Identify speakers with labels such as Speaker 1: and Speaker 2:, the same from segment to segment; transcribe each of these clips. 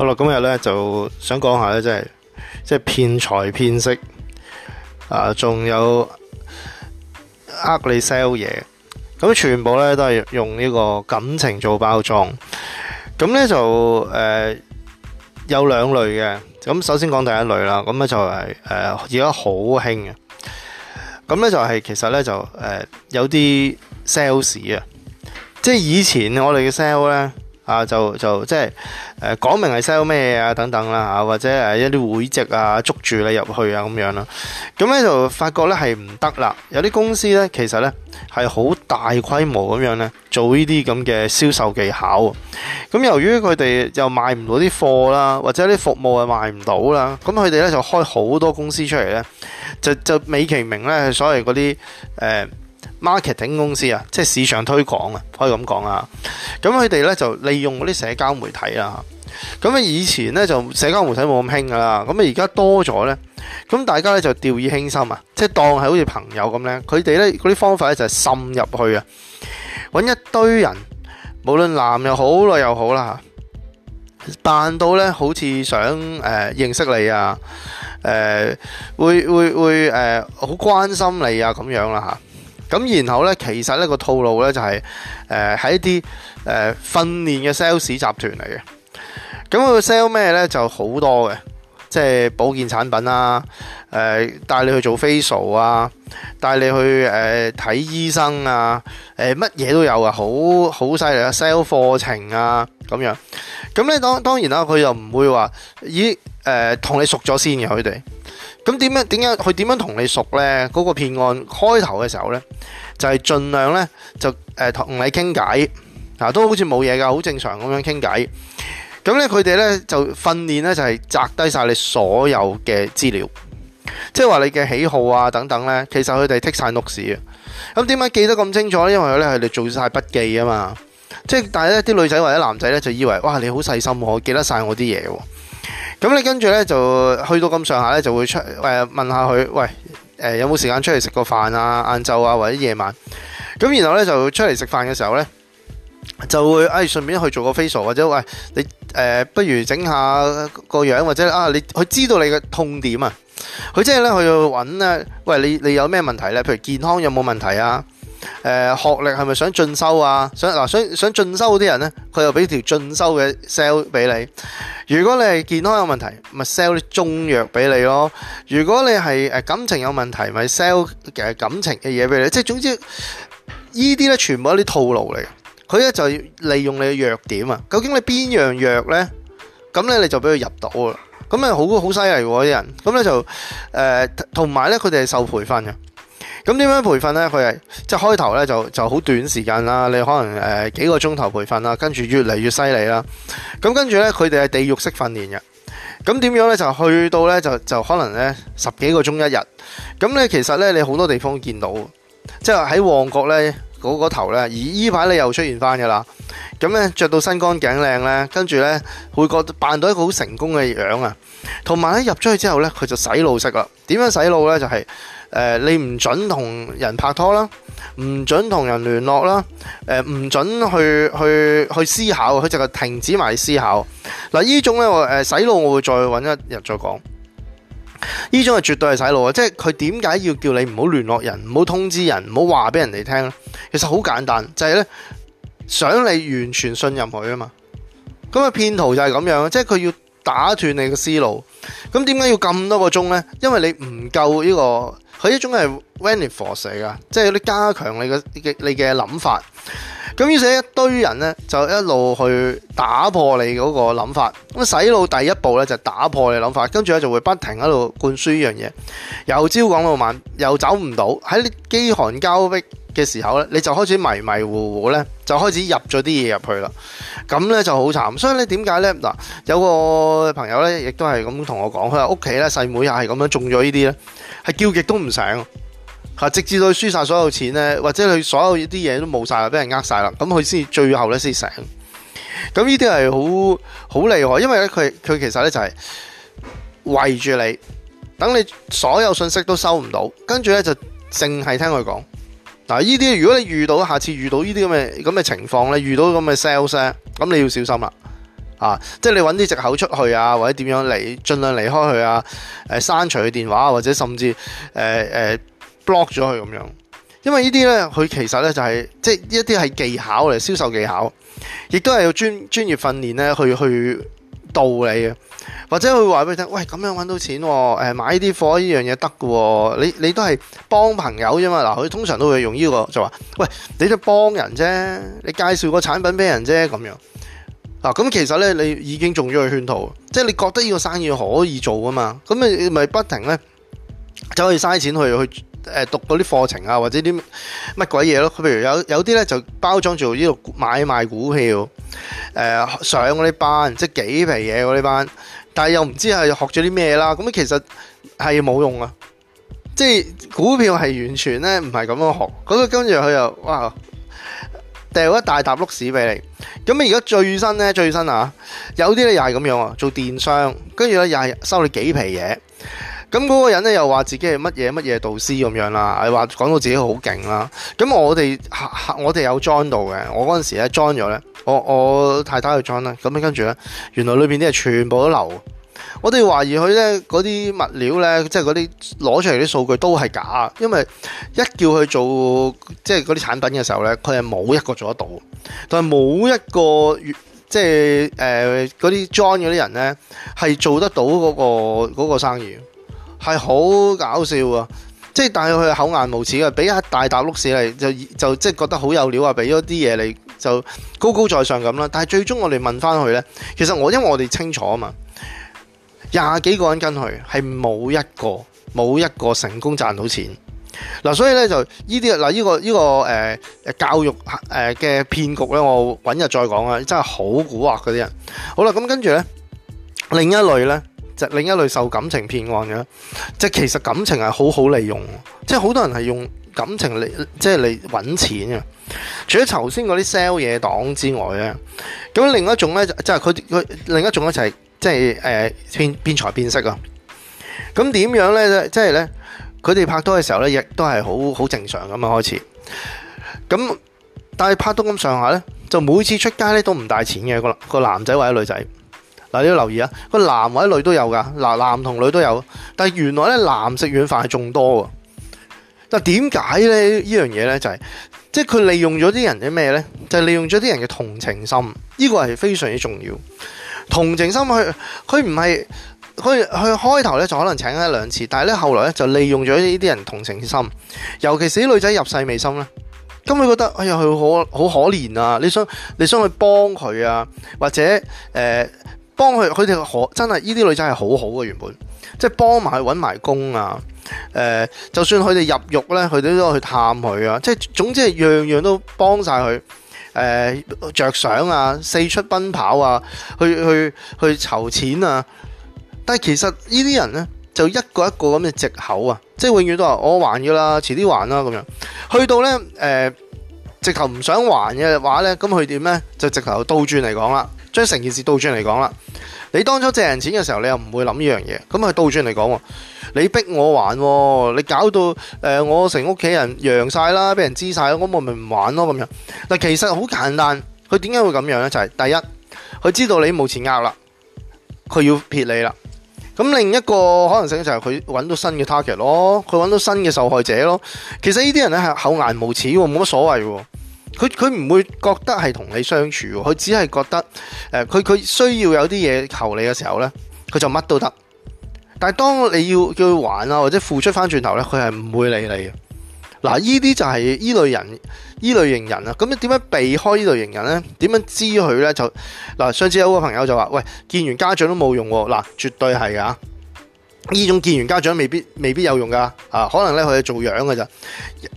Speaker 1: 好啦，今日咧就想講下咧，即係即係騙財騙色啊，仲有呃你 sell 嘢，咁全部咧都係用呢個感情做包裝。咁咧就誒、呃、有兩類嘅，咁首先講第一類啦，咁咧就係誒而家好興嘅。咁、呃、咧就係、是、其實咧就誒、是呃、有啲 sales 啊，即係以前我哋嘅 sell 咧。呃、啊，就就即係誒講明係 sell 咩啊等等啦、啊、或者一啲會籍啊捉住你入去啊咁樣啦、啊，咁咧、啊、就發覺咧係唔得啦。有啲公司咧其實咧係好大規模咁樣咧做呢啲咁嘅銷售技巧、啊。咁由於佢哋又賣唔到啲貨啦，或者啲服務係賣唔到啦，咁佢哋咧就開好多公司出嚟咧，就就美其名咧係所謂嗰啲誒。Marketing 公司啊，即係市場推廣啊，可以咁講啊。咁佢哋咧就利用嗰啲社交媒體啦。咁啊以前咧就社交媒體冇咁興㗎啦。咁啊而家多咗咧，咁大家咧就掉以輕心啊，即係當係好似朋友咁咧。佢哋咧嗰啲方法咧就係滲入去啊，揾一堆人，無論男又好，女又好啦嚇，扮到咧好似想誒認識你啊，誒會會會誒好、呃、關心你啊咁樣啦嚇。咁然後咧，其實呢個套路咧就係誒喺一啲、呃、訓練嘅 sales 集團嚟嘅。咁佢 sell 咩咧就好多嘅，即係保健產品啊，呃、帶你去做 facial 啊，帶你去睇、呃、醫生啊，乜、呃、嘢都有啊，好好犀利啊，sell 課程啊咁樣。咁咧當當然啦，佢就唔會話咦同、呃、你熟咗先嘅佢哋。咁點樣佢點樣同你熟呢？嗰個騙案開頭嘅時候呢，就係盡量呢，就呃同你傾偈啊，都好似冇嘢㗎，好正常咁樣傾偈。咁呢，佢哋呢，就訓練呢，就係摘低曬你所有嘅資料，即係話你嘅喜好啊等等呢。其實佢哋剔曬 notes，咁點解記得咁清楚呢？因為呢佢哋做曬筆記啊嘛。即係，但係呢啲女仔或者男仔呢，就以為哇你好細心喎，我記得曬我啲嘢喎。咁你跟住咧就去到咁上下咧，就會出誒、呃、問下佢，喂誒、呃、有冇時間出嚟食個飯啊？晏晝啊，或者夜晚。咁然後咧就出嚟食飯嘅時候咧，就會誒哎、順便去做個 facial 或者喂你誒、呃，不如整下個樣或者啊，你佢知道你嘅痛點啊，佢即係咧佢要搵咧，喂你你有咩問題咧？譬如健康有冇問題啊？誒，學歷係咪想進修啊？想嗱，想想進修嗰啲人咧，佢又俾條進修嘅 sell 俾你。如果你係健康有問題，咪 sell 啲中藥俾你咯。如果你係誒感情有問題，咪 sell 其實感情嘅嘢俾你。即係總之，呢啲咧全部一啲套路嚟嘅。佢咧就利用你嘅弱點啊。究竟你邊樣弱咧？咁咧你就俾佢入到啊。咁咪好好犀利喎啲人。咁咧就誒，同埋咧佢哋係受培訓嘅。咁點樣培訓呢？佢係即係開頭呢就就好短時間啦，你可能、呃、幾個鐘頭培訓啦，跟住越嚟越犀利啦。咁跟住呢，佢哋係地獄式訓練嘅。咁點樣呢？就去到呢，就就可能呢十幾個鐘一日。咁呢，其實呢，你好多地方見到，即係喺旺角呢嗰個頭呢，而依排你又出現翻嘅啦。咁呢，着到身乾頸靚呢，跟住呢會覺扮到一個好成功嘅樣啊。同埋呢，入咗去之後呢，佢就洗腦式啦。點樣洗腦呢？就係。呃、你唔准同人拍拖啦，唔准同人聯絡啦，誒、呃，唔准去去去思考，佢淨係停止埋思考。嗱，呢種咧，我洗腦，我會再搵一日再講。呢種係絕對係洗腦啊！即係佢點解要叫你唔好聯絡人，唔好通知人，唔好話俾人哋聽咧？其實好簡單，就係、是、咧想你完全信任佢啊嘛。咁啊，騙徒就係咁樣，即係佢要打斷你嘅思路。咁點解要咁多個鐘咧？因為你唔夠呢個。佢一種係 vanity force 嚟噶，即係你加強你嘅你嘅諗法。咁於是一堆人咧就一路去打破你嗰個諗法。咁洗腦第一步咧就是、打破你諗法，跟住咧就會不停喺度灌輸呢樣嘢。由朝講到晚，又走唔到，喺你飢寒交迫嘅時候咧，你就開始迷迷糊糊咧，就開始入咗啲嘢入去啦。咁咧就好慘，所以你點解咧嗱？有個朋友咧亦都係咁同我講，佢話屋企咧細妹又係咁樣中咗呢啲咧，係叫極都唔醒，係直至到輸晒所有錢咧，或者佢所有啲嘢都冇晒啦，俾人呃晒啦。咁佢先至最後咧先醒。咁呢啲係好好厲害，因為咧佢佢其實咧就係圍住你，等你所有信息都收唔到，跟住咧就淨係聽佢講。嗱，呢啲如果你遇到，下次遇到呢啲咁嘅咁嘅情況咧，遇到咁嘅 sales，咁你要小心啦，啊，即係你揾啲藉口出去啊，或者點樣嚟，儘量離開佢啊，誒、呃，刪除佢電話或者甚至誒誒、呃呃、block 咗佢咁樣，因為這些呢啲咧，佢其實咧就係、是、即係一啲係技巧嚟，銷售技巧，亦都係有專專業訓練咧去去道理嘅。或者佢話俾你聽，喂咁樣揾到錢、哦，誒買啲貨呢樣嘢得㗎，你你都係幫朋友啫嘛。嗱，佢通常都會用呢、這個就話，喂，你就幫人啫，你介紹個產品俾人啫，咁樣。嗱、啊，咁其實呢，你已經中咗佢圈套，即係你覺得呢個生意可以做㗎嘛，咁咪咪不停呢，就可以嘥錢去去誒讀嗰啲課程啊或者啲乜鬼嘢咯。佢譬如有有啲呢，就包裝做呢個買賣股票，誒、呃、上嗰啲班，即係幾皮嘢嗰啲班。但係又唔知係學咗啲咩啦，咁其實係冇用啊！即係股票係完全咧唔係咁樣學，咁跟住佢又哇掉一大沓碌屎俾你，咁而家最新咧最新啊，有啲咧又係咁樣啊，做電商，跟住咧又係收你幾皮嘢，咁嗰個人咧又話自己係乜嘢乜嘢導師咁樣啦，誒話講到自己好勁啦，咁我哋我哋有 join 到嘅，我嗰陣時咧 join 咗咧。我我太太去裝啦，咁跟住呢，原來裏邊啲係全部都流，我哋懷疑佢呢嗰啲物料呢，即係嗰啲攞出嚟啲數據都係假，因為一叫佢做即係嗰啲產品嘅時候呢，佢係冇一個做得到，但係冇一個即係誒嗰啲裝咗啲人呢，係做得到嗰、嗰個、嗰個生意，係好搞笑啊！即係但係佢厚顏無恥啊，俾一大沓碌屎嚟就就即係覺得好有料啊，俾咗啲嘢你。就高高在上咁啦，但係最終我哋問翻佢呢，其實我因為我哋清楚啊嘛，廿幾個人跟佢係冇一個冇一個成功賺到錢，嗱、啊、所以呢，就呢啲嗱呢個呢、呢個誒、呃、教育誒嘅騙局呢，我揾日再講啊，真係好蠱惑嗰啲人。好啦，咁跟住呢，另一類呢，就另一類受感情騙案嘅，即係其實感情係好好利用，即係好多人係用感情嚟即係嚟揾錢嘅。除咗頭先嗰啲 sell 嘢黨之外咧，咁另一種咧就即係佢佢另一種咧就係、是、即係誒、呃、變變財變色啊！咁點樣咧？即係咧，佢哋拍拖嘅時候咧，亦都係好好正常咁樣開始。咁但係拍到咁上下咧，就每次出街咧都唔帶錢嘅個、那個男仔或者女仔嗱，你要留意啊，那個男或者女都有噶，嗱男同女都有，但係原來咧男食軟飯係仲多噶。但點解咧呢樣嘢咧就係、是？即係佢利用咗啲人嘅咩呢？就係利用咗啲人嘅同情心，呢個係非常之重要。同情心，佢佢唔係佢佢開頭咧就可能請一兩次，但係咧後來咧就利用咗呢啲人同情心，尤其是啲女仔入世未深呢。咁佢覺得哎呀佢好好可憐啊！你想你想去幫佢啊，或者誒幫佢佢哋可真係呢啲女仔係好好嘅原本，即係幫埋佢搵埋工啊。誒、呃，就算佢哋入獄咧，佢哋都去探佢啊！即係總之係樣樣都幫晒佢，誒、呃、着想啊，四出奔跑啊，去去去籌錢啊！但係其實呢啲人咧，就一個一個咁嘅借口啊，即係永遠都話我還噶啦，遲啲還啦咁樣。去到咧，誒、呃，直頭唔想還嘅話咧，咁佢點咧？就直頭倒轉嚟講啦，將成件事倒轉嚟講啦。你當初借人錢嘅時候，你又唔會諗呢樣嘢。咁佢倒轉嚟講，你逼我還，你搞到誒、呃、我成屋企人揚晒啦，俾人知晒啦，我咪咪唔還咯咁樣。嗱，其實好簡單，佢點解會咁樣呢？就係、是、第一，佢知道你冇錢呃啦，佢要撇你啦。咁另一個可能性就係佢搵到新嘅 target 咯，佢搵到新嘅受害者咯。其實呢啲人咧係厚顏無恥，冇乜所謂喎。佢佢唔會覺得係同你相處喎，佢只係覺得呃，佢佢需要有啲嘢求你嘅時候呢，佢就乜都得。但係當你要叫佢還呀，或者付出翻轉頭呢，佢係唔會理你嘅。嗱，呢啲就係依類人，依類型人啊。咁你點樣避開依類型人呢？點樣知佢呢？就嗱，上次有個朋友就話，喂，見完家長都冇用喎，啊。嗱，絕對係㗎。呢種見完家長未必未必有用噶，啊，可能咧佢係做樣㗎啫、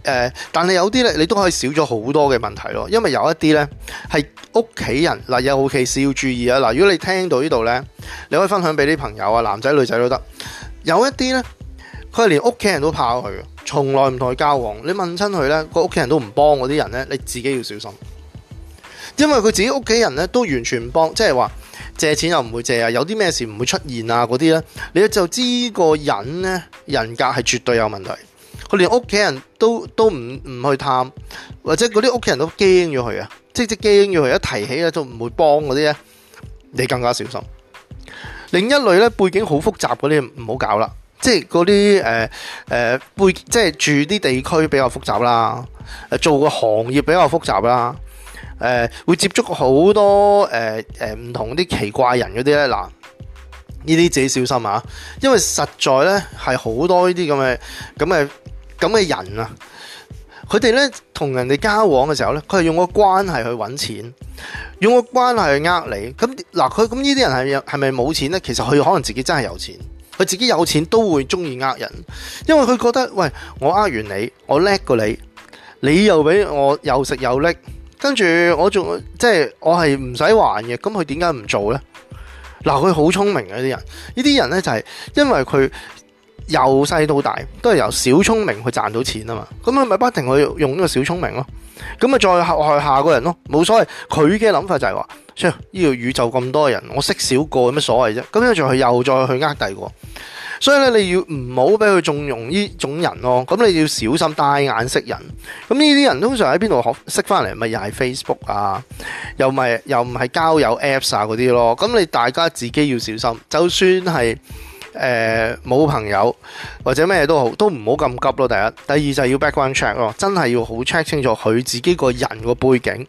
Speaker 1: 呃。但係有啲咧，你都可以少咗好多嘅問題咯。因為有一啲咧係屋企人，嗱、啊、有件事要注意啊。嗱，如果你聽到呢度咧，你可以分享俾啲朋友啊，男仔女仔都得。有一啲咧，佢係連屋企人都怕佢，從來唔同佢交往。你問親佢咧，個屋企人都唔幫嗰啲人咧，你自己要小心，因為佢自己屋企人咧都完全唔幫，即係話。借錢又唔會借啊，有啲咩事唔會出現啊，嗰啲咧，你就知個人咧人格係絕對有問題。佢連屋企人都都唔唔去探，或者嗰啲屋企人都驚咗佢啊，即係即係驚咗佢一提起咧都唔會幫嗰啲咧，你更加小心。另一類咧，背景好複雜嗰啲唔好搞啦，即係嗰啲誒誒背，即係住啲地區比較複雜啦，做個行業比較複雜啦。誒會接觸好多誒誒唔同啲奇怪人嗰啲咧，嗱呢啲自己小心啊，因為實在咧係好多呢啲咁嘅咁嘅咁嘅人啊。佢哋咧同人哋交往嘅時候咧，佢係用個關係去揾錢，用個關係去呃你。咁嗱佢咁呢啲人係係咪冇錢咧？其實佢可能自己真係有錢，佢自己有錢都會鍾意呃人，因為佢覺得喂我呃完你，我叻過你，你又俾我又食又叻。跟住我仲即係我係唔使還嘅，咁佢點解唔做呢？嗱，佢好聰明嘅呢啲人，呢啲人呢就係因為佢由細到大都係由小聰明去賺到錢啊嘛，咁佢咪不停去用呢個小聰明咯，咁咪再害下個人咯，冇所謂。佢嘅諗法就係話，呢個宇宙咁多人，我識少個有乜所謂啫？咁樣仲佢又再去呃第二個。所以咧，你要唔好俾佢縱容呢種人咯。咁你要小心戴眼識人。咁呢啲人通常喺邊度學識翻嚟？咪又係 Facebook 啊，又咪又唔係交友 Apps 啊嗰啲咯。咁你大家自己要小心。就算係誒冇朋友或者咩都好，都唔好咁急咯。第一，第二就係要 background check 咯，真係要好 check 清楚佢自己個人個背景，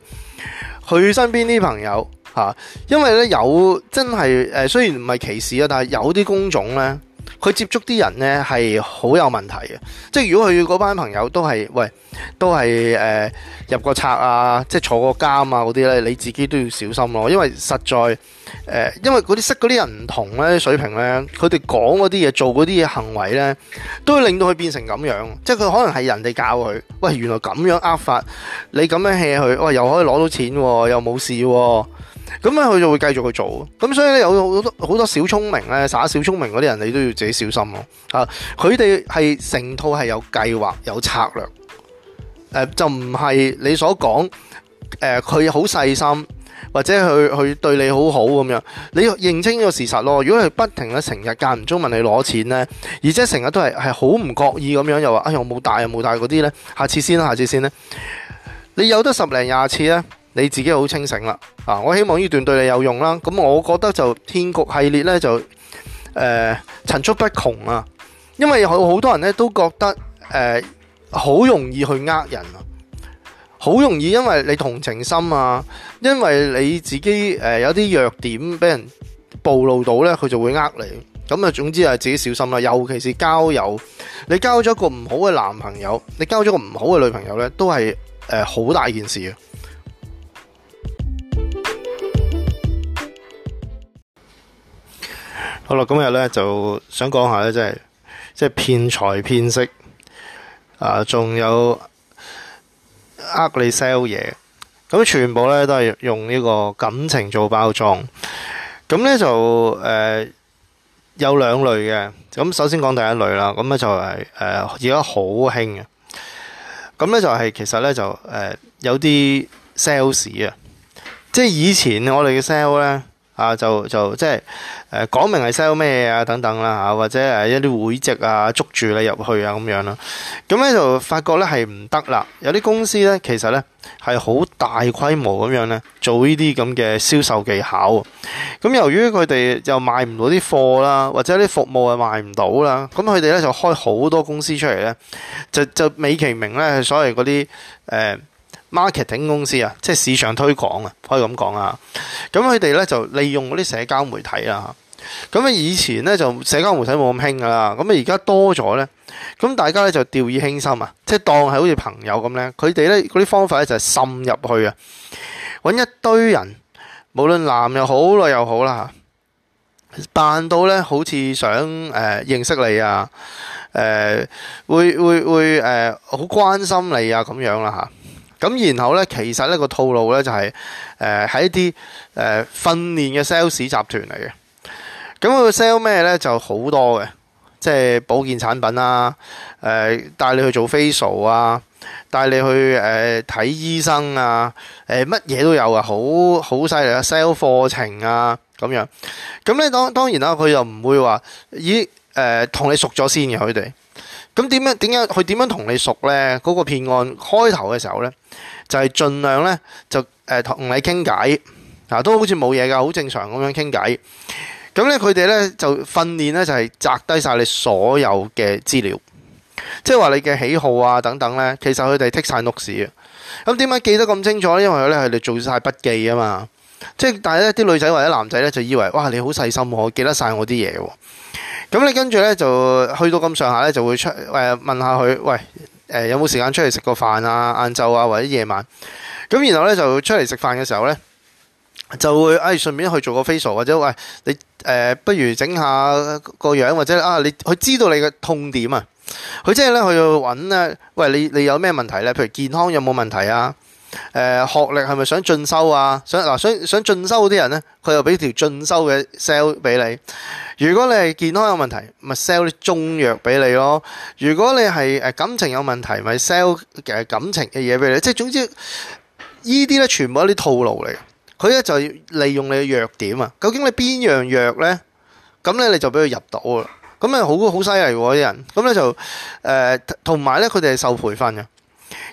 Speaker 1: 佢身邊啲朋友、啊、因為咧有真係誒、呃，雖然唔係歧視啊，但係有啲工種咧。佢接觸啲人呢係好有問題嘅，即係如果佢嗰班朋友都係喂，都係、呃、入過賊啊，即坐過監啊嗰啲呢，你自己都要小心咯、啊，因為實在、呃、因為嗰啲識嗰啲人唔同呢水平呢，佢哋講嗰啲嘢，做嗰啲嘢行為呢，都會令到佢變成咁樣。即係佢可能係人哋教佢，喂，原來咁樣呃法，你咁樣呃佢，喂，又可以攞到錢喎、啊，又冇事喎、啊。咁佢就會繼續去做，咁所以咧有好多好多小聰明咧耍小聰明嗰啲人，你都要自己小心咯吓。佢哋係成套係有計劃有策略，呃、就唔係你所講佢好細心，或者佢佢對你好好咁樣，你要認清呢個事實咯。如果佢不停咧成日間唔中問你攞錢咧，而且成日都係好唔覺意咁樣又話哎呀我冇帶冇帶嗰啲咧，下次先啦下次先咧，你有得十零廿次咧。你自己好清醒啦啊！我希望呢段對你有用啦。咁我覺得就天局系列咧，就誒層出不窮啊。因為好好多人咧都覺得誒好容易去呃人啊，好容易，因為你同情心啊，因為你自己、呃、有啲弱點俾人暴露到咧，佢就會呃你。咁啊，總之係，自己小心啦。尤其是交友，你交咗個唔好嘅男朋友，你交咗個唔好嘅女朋友咧，都係誒好大件事啊。嗱，今日咧就想講下咧，即係即係騙財騙色啊，仲有呃你 sell 嘢，咁全部咧都係用呢個感情做包裝。咁咧就誒、呃、有兩類嘅，咁首先講第一類啦，咁咧就係誒而家好興嘅。咁、呃、咧就係其實咧就誒、是呃、有啲 sales 啊，即係以前我哋嘅 sell 咧。啊，就就即係誒講明係 sell 咩啊等等啦、吓、或者誒一啲會籍啊捉住你入去啊咁樣啦咁咧就發覺咧係唔得啦。有啲公司咧其實咧係好大規模咁樣咧做呢啲咁嘅銷售技巧，啊。咁由於佢哋又賣唔到啲貨啦，或者啲服務又賣唔到啦，咁佢哋咧就開好多公司出嚟咧，就就美其名咧係所謂嗰啲誒。呃 Marketing 公司啊，即係市場推廣啊，可以咁講啊。咁佢哋咧就利用嗰啲社交媒體啦。咁啊，以前咧就社交媒體冇咁興㗎啦。咁啊，而家多咗咧，咁大家咧就掉以輕心啊，即係當係好似朋友咁咧。佢哋咧嗰啲方法咧就係滲入去啊，揾一堆人，無論男又好，女又好啦嚇，扮到咧好似想誒、呃、認識你啊，誒、呃、會會會誒好關心你啊，咁樣啦嚇。呃咁然後咧，其實呢個套路咧就係誒喺一啲誒、呃、訓練嘅 sales 集團嚟嘅。咁佢 sell 咩咧就好多嘅，即係保健產品啊，誒、呃、帶你去做 facial 啊，帶你去誒睇、呃、醫生啊，誒乜嘢都有啊，好好犀利啊，sell 課程啊咁樣。咁咧當當然啦，佢又唔會話咦誒同、呃、你熟咗先嘅佢哋。咁點解佢點樣同你熟咧？嗰、那個騙案開頭嘅時候咧，就係、是、盡量咧就同、呃、你傾偈，啊，都好似冇嘢㗎，好正常咁樣傾偈。咁咧佢哋咧就訓練咧就係、是、摘低曬你所有嘅資料，即係話你嘅喜好啊等等咧。其實佢哋剔曬 notes，啊。咁點解記得咁清楚咧？因為佢咧做曬筆記啊嘛。即、就、係、是、但係咧啲女仔或者男仔咧就以為哇你好細心喎，我記得曬我啲嘢喎。咁你跟住咧就去到咁上下咧，就會出、呃、問下佢，喂、呃、有冇時間出嚟食個飯啊？晏晝啊，或者夜晚。咁然後咧就出嚟食飯嘅時候咧，就會誒哎、順便去做個 facial 或者喂你誒、呃，不如整下個樣或者啊，你佢知道你嘅痛點啊，佢即係咧去揾咧，喂你你有咩問題咧？譬如健康有冇問題啊？誒，學歷係咪想進修啊？想嗱，想想進修嗰啲人咧，佢又俾條進修嘅 sell 俾你。如果你係健康有問題，咪 sell 啲中藥俾你咯。如果你係誒感情有問題，咪 sell 誒感情嘅嘢俾你。即係總之，呢啲咧全部一啲套路嚟。佢咧就利用你嘅弱點啊。究竟你邊樣弱咧？咁咧你就俾佢入到啊。咁啊，好好犀利喎啲人。咁咧就誒，同埋咧，佢哋係受培訓嘅。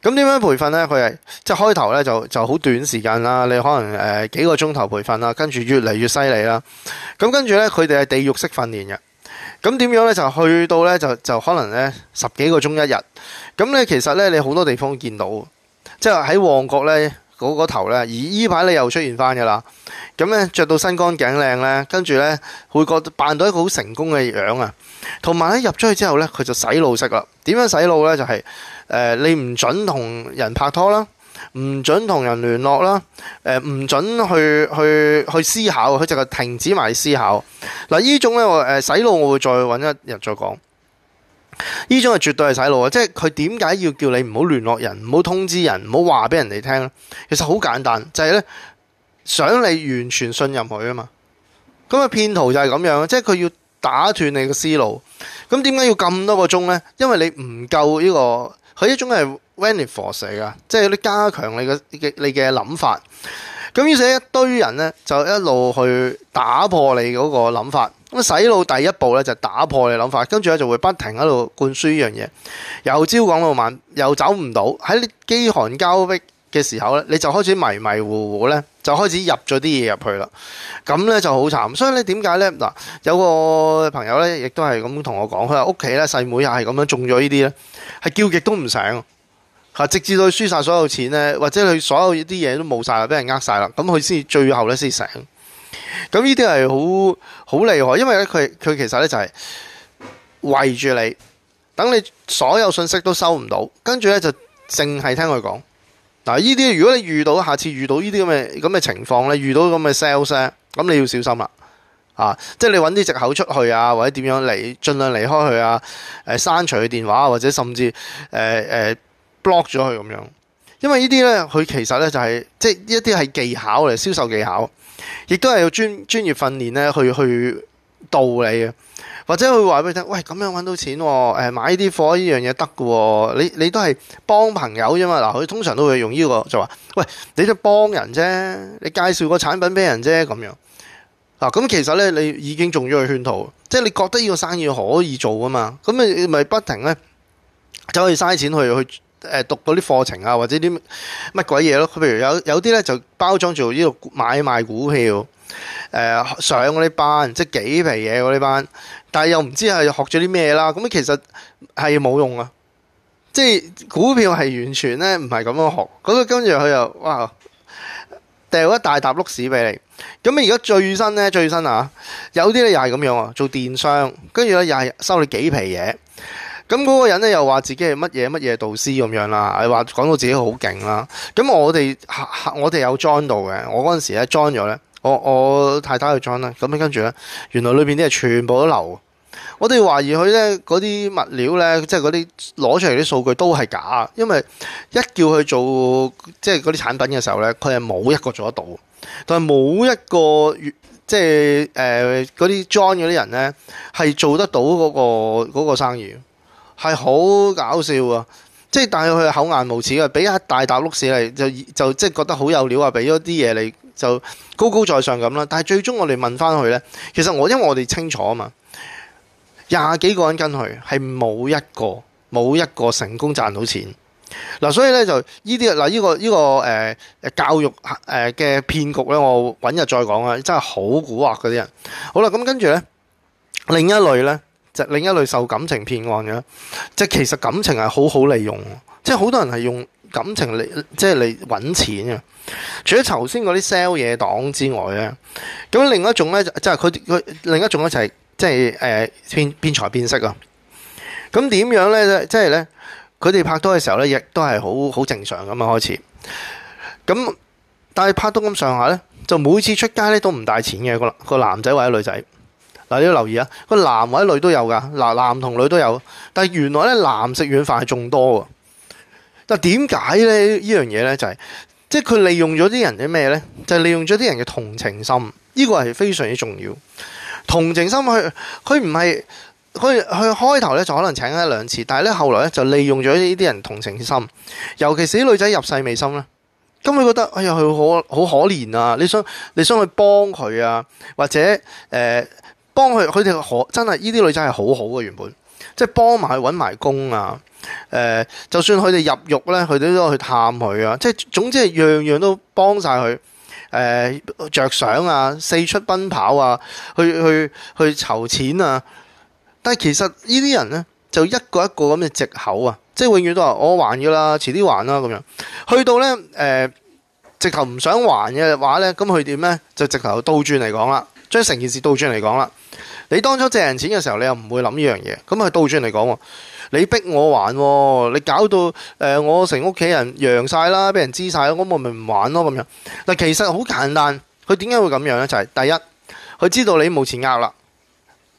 Speaker 1: 咁點樣培訓咧？佢係即係開頭咧就，就好短時間啦，你可能誒、呃、幾個鐘頭培訓啦，跟住越嚟越犀利啦。咁跟住咧，佢哋係地獄式訓練嘅。咁點樣咧？就去到咧就，就可能咧十幾個鐘一日。咁咧其實咧你好多地方見到，即係喺旺角咧。嗰、那個頭咧，而依排你又出現翻嘅啦。咁咧着到身光頸靚咧，跟住咧會覺扮到一個好成功嘅樣啊。同埋咧入咗去之後咧，佢就洗腦式啦。點樣洗腦咧？就係、是呃、你唔準同人拍拖啦，唔準同人聯絡啦，唔、呃、準去去去、去思考，佢就係停止埋思考嗱。呢種咧呃、洗腦，我會再搵一日再講。呢種係絕對係洗腦啊！即係佢點解要叫你唔好聯絡人、唔好通知人、唔好話俾人哋聽咧？其實好簡單，就係咧想你完全信任佢啊嘛。咁啊，騙徒就係咁樣，即係佢要打斷你嘅思路。咁點解要咁多個鐘咧？因為你唔夠呢個，佢呢種係 vanish force 嚟，即係你加強你嘅諗你嘅諗法。咁於是，一堆人咧就一路去打破你嗰個諗法。咁洗腦第一步咧就打破你諗法，跟住咧就會不停喺度灌輸呢樣嘢，由朝講到晚，又走唔到，喺你飢寒交迫嘅時候咧，你就開始迷迷糊糊咧，就開始入咗啲嘢入去啦。咁咧就好慘，所以你點解咧嗱？有個朋友咧亦都係咁同我講，佢話屋企咧細妹又係咁樣中咗呢啲咧，係叫極都唔醒，直至到佢輸晒所有錢咧，或者佢所有啲嘢都冇晒啦，俾人呃晒啦，咁佢先至最後咧先醒。咁呢啲係好好厲害，因為咧佢佢其實咧就係圍住你，等你所有信息，都收唔到，跟住咧就淨係聽佢講。嗱，呢啲如果你遇到，下次遇到呢啲咁嘅咁嘅情況咧，遇到咁嘅 sales，咁你要小心啦。啊，即係你搵啲藉口出去啊，或者點樣嚟盡量離開佢啊，誒、呃，刪除佢電話或者甚至誒誒、呃呃、block 咗佢咁樣，因為呢啲咧佢其實咧就係、是、即係一啲係技巧嚟，銷售技巧。亦都係有專專業訓練咧去去導你嘅，或者佢話俾你聽，喂，咁樣揾到錢誒買呢啲貨呢樣嘢得嘅，你你都係幫朋友啫嘛。嗱，佢通常都會用呢，這個就話，喂，你就幫人啫，你介紹個產品俾人啫咁樣。嗱、啊、咁其實咧你已經中咗佢圈套，即係你覺得呢個生意可以做噶嘛，咁你咪不停咧就可以嘥錢去去。誒讀嗰啲課程啊，或者啲乜鬼嘢咯，譬如有有啲咧就包裝做呢度買賣股票，呃、上嗰啲班，即幾皮嘢嗰啲班，但係又唔知係學咗啲咩啦。咁其實係冇用啊！即係股票係完全咧唔係咁樣學。咁跟住佢又哇掉一大沓碌屎俾你。咁你而家最新咧，最新啊，有啲呢又係咁樣啊，做電商，跟住咧又係收你幾皮嘢。咁、那、嗰個人咧又話自己係乜嘢乜嘢導師咁樣啦，話講到自己好勁啦。咁我哋我哋有 join 到嘅，我嗰陣時咧 join 咗咧，我我，我太太去 join 啦。咁跟住咧，原來裏面啲係全部都流。我哋懷疑佢咧嗰啲物料咧，即係嗰啲攞出嚟啲數據都係假，因為一叫佢做即係嗰啲產品嘅時候咧，佢係冇一個做得到，但係冇一個即係誒嗰啲 join 嗰啲人咧係做得到嗰、那個嗰、那個生意。係好搞笑啊！即係，但係佢厚顏無恥啊！俾一大沓碌屎嚟，就就即係覺得好有料啊！俾咗啲嘢你就高高在上咁啦。但係最終我哋問翻佢咧，其實我因為我哋清楚啊嘛，廿幾個人跟佢，係冇一個冇一個成功賺到錢。嗱、啊，所以咧就呢啲嗱呢個呢、呢個誒誒、呃、教育誒嘅騙局咧，我揾日再講啊！真係好蠱惑嗰啲人。好啦，咁跟住咧另一類咧。就是、另一類受感情騙案嘅，即、就、係、是、其實感情係好好利用的，即係好多人係用感情嚟，即係嚟揾錢嘅。除咗頭先嗰啲 sell 嘢黨之外咧，咁另一種咧就即係佢佢另一種咧就係即係誒騙騙財騙色啊！咁點樣咧？即係咧，佢哋拍拖嘅時候咧，亦都係好好正常咁嘅開始。咁但係拍到咁上下咧，就每次出街咧都唔帶錢嘅個、個男仔或者女仔。嗱，你要留意啊，個男或者女都有噶，嗱，男同女都有。但係原來咧，男食軟飯係仲多喎。但點解咧？呢樣嘢咧，就係即係佢利用咗啲人嘅咩咧？就係利用咗啲人嘅同情心。呢個係非常之重要。同情心去，佢唔係，佢佢開頭咧就可能請一兩次，但係咧後來咧就利用咗呢啲人同情心。尤其是啲女仔入世未深咧，咁佢覺得哎呀，佢好好可憐啊！你想你想去幫佢啊，或者誒？呃幫佢，佢哋可真係呢啲女仔係好好嘅原本，即係幫埋佢搵埋工啊。誒、呃，就算佢哋入獄咧，佢哋都去探佢啊。即係總之係樣樣都幫晒佢。誒、呃，着想啊，四出奔跑啊，去去去，去籌錢啊。但係其實這些呢啲人咧，就一個一個咁嘅藉口啊，即係永遠都話我還㗎啦，遲啲還啦咁樣。去到咧誒，直頭唔想還嘅話咧，咁佢點咧就直頭倒轉嚟講啦，將成件事倒轉嚟講啦。你當初借人錢嘅時候，你又唔會諗呢樣嘢，咁係倒轉嚟講，你逼我還，你搞到誒、呃，我成屋企人揚晒啦，俾人知晒啦，我咪唔還咯咁樣。嗱，其實好簡單，佢點解會咁樣咧？就係、是、第一，佢知道你冇錢呃啦，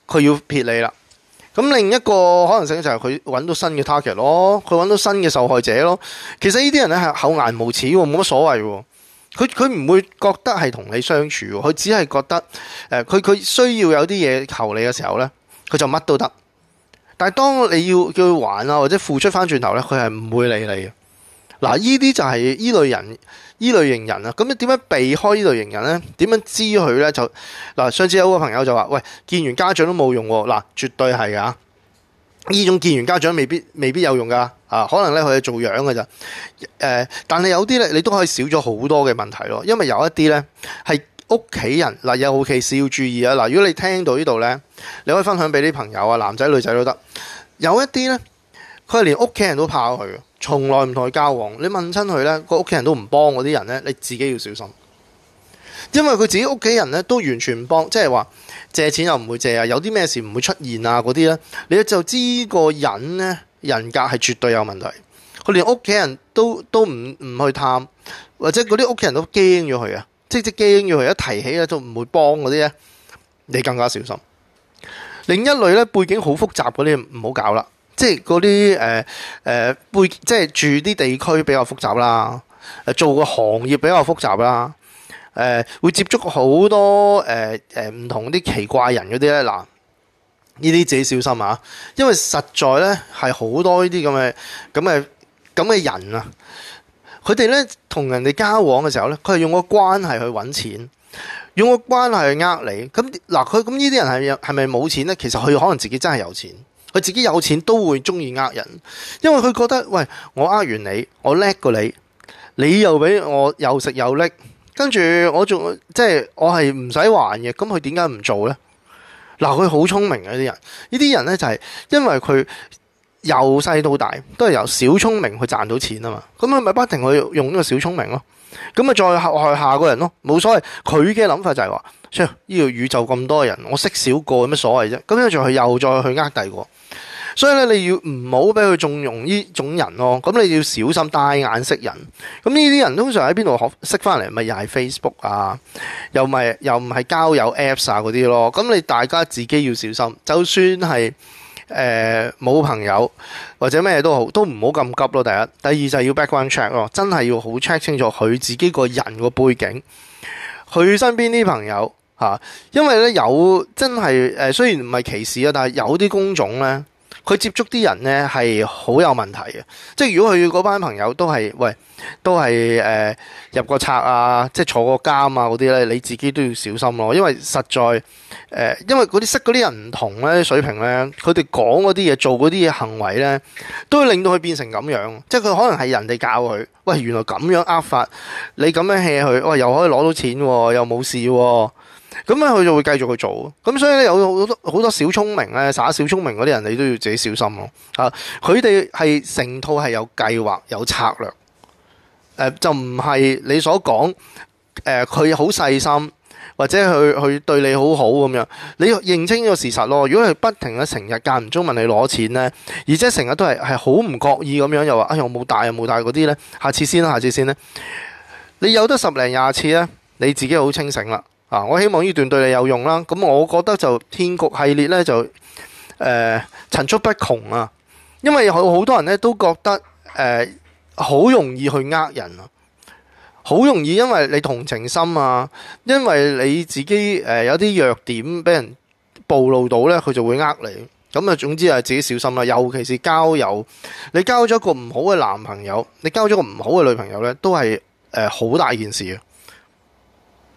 Speaker 1: 佢要撇你啦。咁另一個可能性就係佢搵到新嘅 target 咯，佢搵到新嘅受害者咯。其實呢啲人咧，係厚顏無恥，冇乜所謂。佢佢唔會覺得係同你相處喎，佢只係覺得呃、佢佢需要有啲嘢求你嘅時候咧，佢就乜都得。但係當你要叫佢還啊，或者付出翻轉頭咧，佢係唔會理你嘅。嗱，呢啲就係依類人、依類型人啊。咁你點樣避開依類型人咧？點樣知佢咧？就嗱，上次有個朋友就話，喂，見完家長都冇用喎、啊。嗱，絕對係㗎！呢種見完家長未必未必有用噶、啊。啊，可能咧佢係做樣嘅啫，呃，但係有啲咧，你都可以少咗好多嘅問題咯。因為有一啲咧係屋企人，嗱、啊、有件事要注意啊。嗱、啊，如果你聽到呢度咧，你可以分享俾啲朋友啊，男仔女仔都得。有一啲咧，佢係連屋企人都怕佢，從來唔同佢交往。你問親佢咧，個屋企人都唔幫嗰啲人咧，你自己要小心，因為佢自己屋企人咧都完全唔幫，即係話借錢又唔會借啊，有啲咩事唔會出現啊嗰啲咧，你就知個人咧。人格係絕對有問題，佢連屋企人都都唔唔去探，或者嗰啲屋企人都驚咗佢啊！即係即係驚咗佢，一提起咧都唔會幫嗰啲咧，你更加小心。另一類咧，背景好複雜嗰啲唔好搞啦，即係嗰啲誒誒背即係住啲地區比較複雜啦，誒、呃、做個行業比較複雜啦，誒、呃、會接觸好多誒誒唔同啲奇怪的人嗰啲咧嗱。呃呢啲自己小心啊！因為實在咧係好多呢啲咁嘅咁嘅咁嘅人啊，佢哋咧同人哋交往嘅時候咧，佢係用個關係去揾錢，用個關係去呃你。咁嗱佢咁呢啲人係係咪冇錢咧？其實佢可能自己真係有錢，佢自己有錢都會中意呃人，因為佢覺得喂，我呃完你，我叻過你，你又俾我又食又拎。跟住我仲即係我係唔使還嘅。咁佢點解唔做咧？嗱，佢好聰明啊，呢啲人，呢啲人咧就係因為佢由細到大都係由小聰明去賺到錢啊嘛，咁佢咪不停去用呢個小聰明咯，咁咪再害下個人咯，冇所謂。佢嘅諗法就係話：「呢個宇宙咁多人，我識少個有乜所謂啫？咁樣再佢又再去呃第個。所以咧，你要唔好俾佢縱容呢種人咯。咁你要小心戴眼識人。咁呢啲人通常喺邊度學識翻嚟？咪又係 Facebook 啊，又咪又唔係交友 Apps 啊嗰啲咯。咁你大家自己要小心。就算係誒冇朋友或者咩都好，都唔好咁急咯。第一，第二就係要 background check 咯。真係要好 check 清楚佢自己個人個背景，佢身邊啲朋友、啊、因為咧有真係誒，雖然唔係歧視啊，但係有啲工種咧。佢接觸啲人咧係好有問題嘅，即係如果佢嗰班朋友都係喂，都係、呃、入過賊啊，即係坐過監啊嗰啲咧，你自己都要小心咯，因為實在誒、呃，因為嗰啲識嗰啲人唔同咧水平咧，佢哋講嗰啲嘢、做嗰啲嘢、行為咧，都會令到佢變成咁樣。即係佢可能係人哋教佢，喂，原來咁樣呃法，你咁樣 hea 佢，喂，又可以攞到錢喎、啊，又冇事喎、啊。咁咧，佢就會繼續去做。咁所以咧，有好多好多小聰明咧，耍小聰明嗰啲人，你都要自己小心咯。啊，佢哋係成套係有計劃、有策略，呃、就唔係你所講呃。佢好細心，或者佢佢對你好好咁樣，你要認清呢個事實咯。如果佢不停嘅成日間唔中問你攞錢咧，而且成日都係係好唔覺意咁樣、啊，又話：哎呀，我冇帶，冇帶嗰啲咧，下次先啦，下次先咧。你有得十零廿次咧，你自己好清醒啦。嗱、啊，我希望呢段對你有用啦。咁我覺得就騙局系列咧就層出、呃、不窮啊，因為有好多人咧都覺得誒好、呃、容易去呃人啊，好容易因為你同情心啊，因為你自己、呃、有啲弱點俾人暴露到咧，佢就會呃你。咁啊，總之係，自己小心啦、啊。尤其是交友，你交咗個唔好嘅男朋友，你交咗個唔好嘅女朋友咧，都係誒好大件事嘅。